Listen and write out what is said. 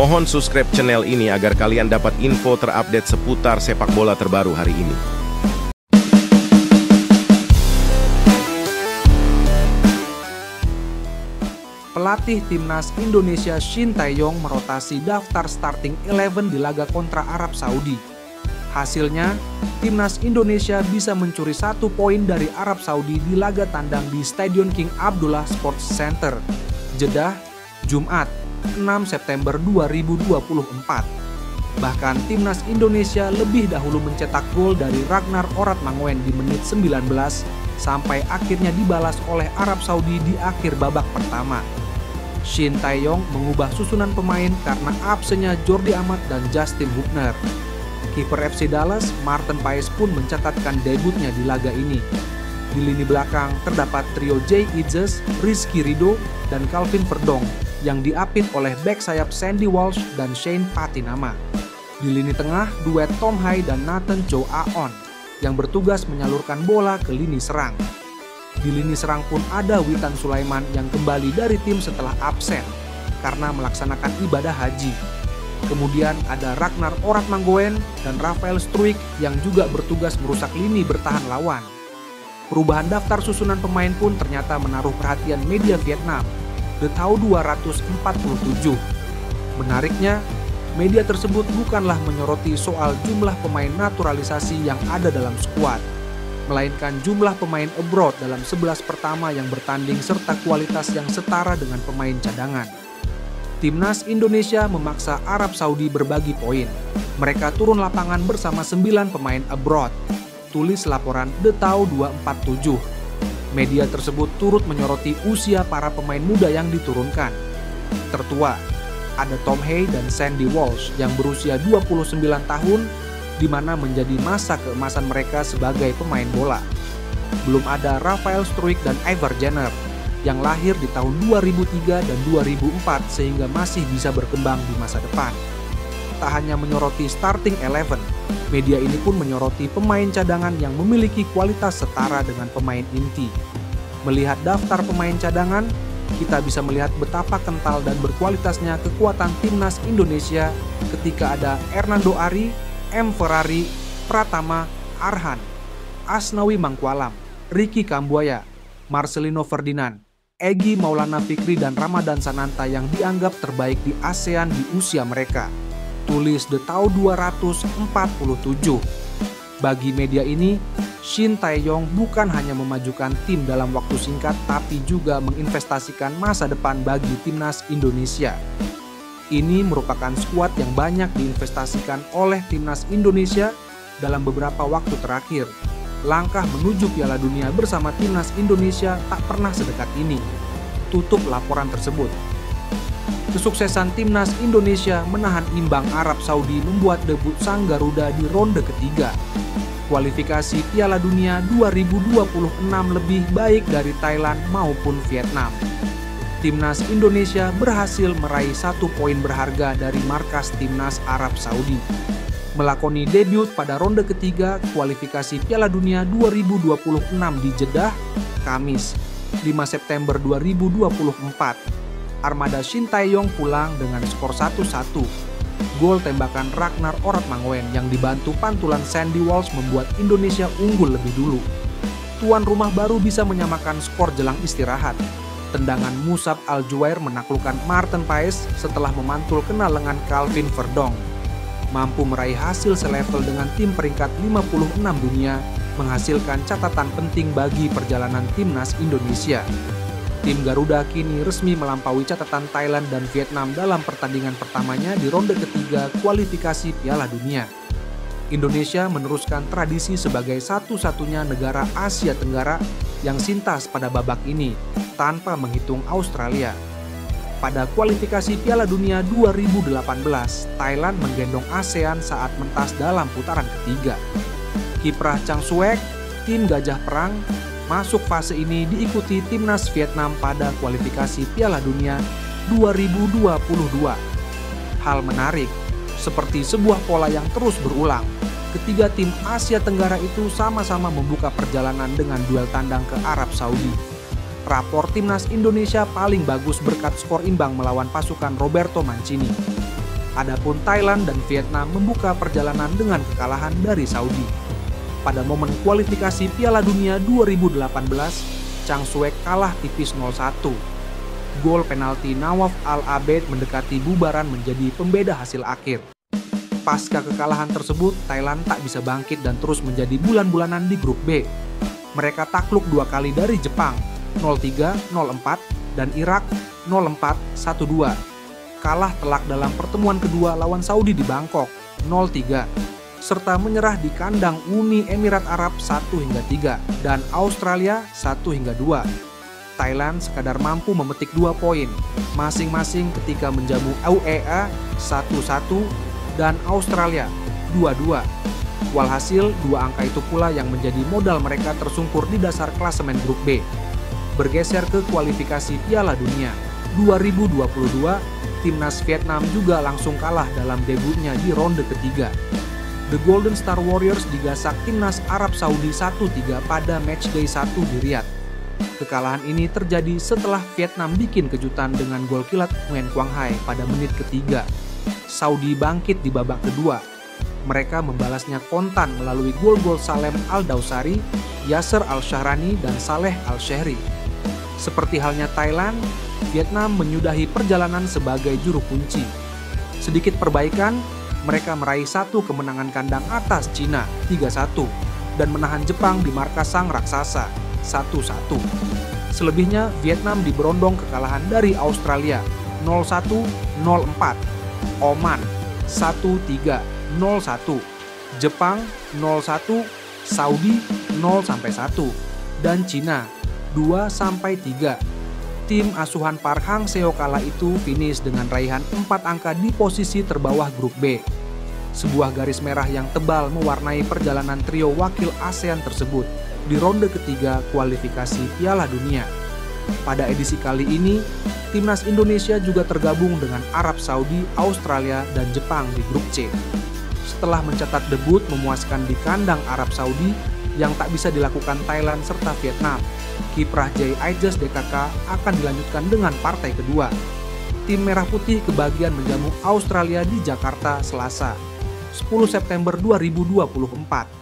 Mohon subscribe channel ini agar kalian dapat info terupdate seputar sepak bola terbaru hari ini. Pelatih timnas Indonesia Shin Tae-yong merotasi daftar starting 11 di laga kontra Arab Saudi. Hasilnya, timnas Indonesia bisa mencuri satu poin dari Arab Saudi di laga tandang di Stadion King Abdullah Sports Center, Jeddah, Jumat. 6 September 2024. Bahkan timnas Indonesia lebih dahulu mencetak gol dari Ragnar Orat Mangwen di menit 19 sampai akhirnya dibalas oleh Arab Saudi di akhir babak pertama. Shin Taeyong mengubah susunan pemain karena absennya Jordi Amat dan Justin Hubner. Kiper FC Dallas, Martin Paes pun mencatatkan debutnya di laga ini. Di lini belakang terdapat trio Jay Idzes, Rizky Rido, dan Calvin Verdong yang diapit oleh back sayap Sandy Walsh dan Shane Patinama. Di lini tengah, duet Tom Hai dan Nathan Cho Aon yang bertugas menyalurkan bola ke lini serang. Di lini serang pun ada Witan Sulaiman yang kembali dari tim setelah absen karena melaksanakan ibadah haji. Kemudian ada Ragnar Orat Manggoen dan Rafael Struik yang juga bertugas merusak lini bertahan lawan. Perubahan daftar susunan pemain pun ternyata menaruh perhatian media Vietnam Tau 247. Menariknya, media tersebut bukanlah menyoroti soal jumlah pemain naturalisasi yang ada dalam skuad, melainkan jumlah pemain abroad dalam sebelas pertama yang bertanding serta kualitas yang setara dengan pemain cadangan. Timnas Indonesia memaksa Arab Saudi berbagi poin. Mereka turun lapangan bersama sembilan pemain abroad. Tulis laporan The Tau 247. Media tersebut turut menyoroti usia para pemain muda yang diturunkan. Tertua, ada Tom Hay dan Sandy Walsh yang berusia 29 tahun di mana menjadi masa keemasan mereka sebagai pemain bola. Belum ada Rafael Struik dan Ivar Jenner yang lahir di tahun 2003 dan 2004 sehingga masih bisa berkembang di masa depan tak hanya menyoroti starting eleven, media ini pun menyoroti pemain cadangan yang memiliki kualitas setara dengan pemain inti. Melihat daftar pemain cadangan, kita bisa melihat betapa kental dan berkualitasnya kekuatan timnas Indonesia ketika ada Hernando Ari, M. Ferrari, Pratama, Arhan, Asnawi Mangkualam, Ricky Kambuaya, Marcelino Ferdinand, Egi Maulana Fikri dan Ramadan Sananta yang dianggap terbaik di ASEAN di usia mereka tulis The Tao 247. Bagi media ini, Shin Taeyong bukan hanya memajukan tim dalam waktu singkat tapi juga menginvestasikan masa depan bagi timnas Indonesia. Ini merupakan skuad yang banyak diinvestasikan oleh timnas Indonesia dalam beberapa waktu terakhir. Langkah menuju Piala Dunia bersama timnas Indonesia tak pernah sedekat ini. Tutup laporan tersebut. Kesuksesan timnas Indonesia menahan imbang Arab Saudi membuat debut sang Garuda di ronde ketiga. Kualifikasi Piala Dunia 2026 lebih baik dari Thailand maupun Vietnam. Timnas Indonesia berhasil meraih satu poin berharga dari markas timnas Arab Saudi. Melakoni debut pada ronde ketiga kualifikasi Piala Dunia 2026 di Jeddah, Kamis, 5 September 2024 armada Shin Taeyong pulang dengan skor 1-1 gol tembakan Ragnar Orat Mangwen yang dibantu pantulan Sandy Walsh membuat Indonesia unggul lebih dulu. Tuan rumah baru bisa menyamakan skor jelang istirahat. Tendangan Musab Aljuair menaklukkan Martin Paes setelah memantul kena lengan Calvin Verdong. Mampu meraih hasil selevel dengan tim peringkat 56 dunia, menghasilkan catatan penting bagi perjalanan timnas Indonesia. Tim Garuda kini resmi melampaui catatan Thailand dan Vietnam dalam pertandingan pertamanya di ronde ketiga kualifikasi Piala Dunia. Indonesia meneruskan tradisi sebagai satu-satunya negara Asia Tenggara yang sintas pada babak ini tanpa menghitung Australia. Pada kualifikasi Piala Dunia 2018, Thailand menggendong ASEAN saat mentas dalam putaran ketiga. Kiprah Chang Suek, tim Gajah Perang, Masuk fase ini diikuti timnas Vietnam pada kualifikasi Piala Dunia 2022. Hal menarik, seperti sebuah pola yang terus berulang. Ketiga tim Asia Tenggara itu sama-sama membuka perjalanan dengan duel tandang ke Arab Saudi. Rapor timnas Indonesia paling bagus berkat skor imbang melawan pasukan Roberto Mancini. Adapun Thailand dan Vietnam membuka perjalanan dengan kekalahan dari Saudi pada momen kualifikasi Piala Dunia 2018, Chang Suek kalah tipis 0-1. Gol penalti Nawaf Al-Abed mendekati bubaran menjadi pembeda hasil akhir. Pasca kekalahan tersebut, Thailand tak bisa bangkit dan terus menjadi bulan-bulanan di grup B. Mereka takluk dua kali dari Jepang, (0-3, 0-4) dan Irak (0-4, 1-2). Kalah telak dalam pertemuan kedua lawan Saudi di Bangkok, (0-3) serta menyerah di kandang Uni Emirat Arab 1 hingga 3 dan Australia 1 hingga 2. Thailand sekadar mampu memetik dua poin, masing-masing ketika menjamu UEA 1-1 dan Australia 2-2. Walhasil, dua angka itu pula yang menjadi modal mereka tersungkur di dasar klasemen grup B. Bergeser ke kualifikasi Piala Dunia 2022, timnas Vietnam juga langsung kalah dalam debutnya di ronde ketiga The Golden Star Warriors digasak timnas Arab Saudi 1-3 pada matchday 1 di Riyadh. Kekalahan ini terjadi setelah Vietnam bikin kejutan dengan gol kilat Nguyen Quang Hai pada menit ketiga. Saudi bangkit di babak kedua. Mereka membalasnya kontan melalui gol-gol Salem Al-Dausari, Yasser Al-Shahrani, dan Saleh Al-Shehri. Seperti halnya Thailand, Vietnam menyudahi perjalanan sebagai juru kunci. Sedikit perbaikan, mereka meraih satu kemenangan kandang atas Cina 3-1 dan menahan Jepang di markas sang raksasa 1-1. Selebihnya, Vietnam diberondong kekalahan dari Australia 0-1, 0-4, Oman 1-3, 0-1, Jepang 0-1, Saudi 0-1, dan Cina 2-3 tim asuhan Park Hang Seo kala itu finish dengan raihan 4 angka di posisi terbawah grup B. Sebuah garis merah yang tebal mewarnai perjalanan trio wakil ASEAN tersebut di ronde ketiga kualifikasi Piala Dunia. Pada edisi kali ini, timnas Indonesia juga tergabung dengan Arab Saudi, Australia, dan Jepang di grup C. Setelah mencatat debut memuaskan di kandang Arab Saudi, yang tak bisa dilakukan Thailand serta Vietnam. Kiprah Jai Aijas DKK akan dilanjutkan dengan partai kedua. Tim Merah Putih kebagian menjamu Australia di Jakarta Selasa, 10 September 2024.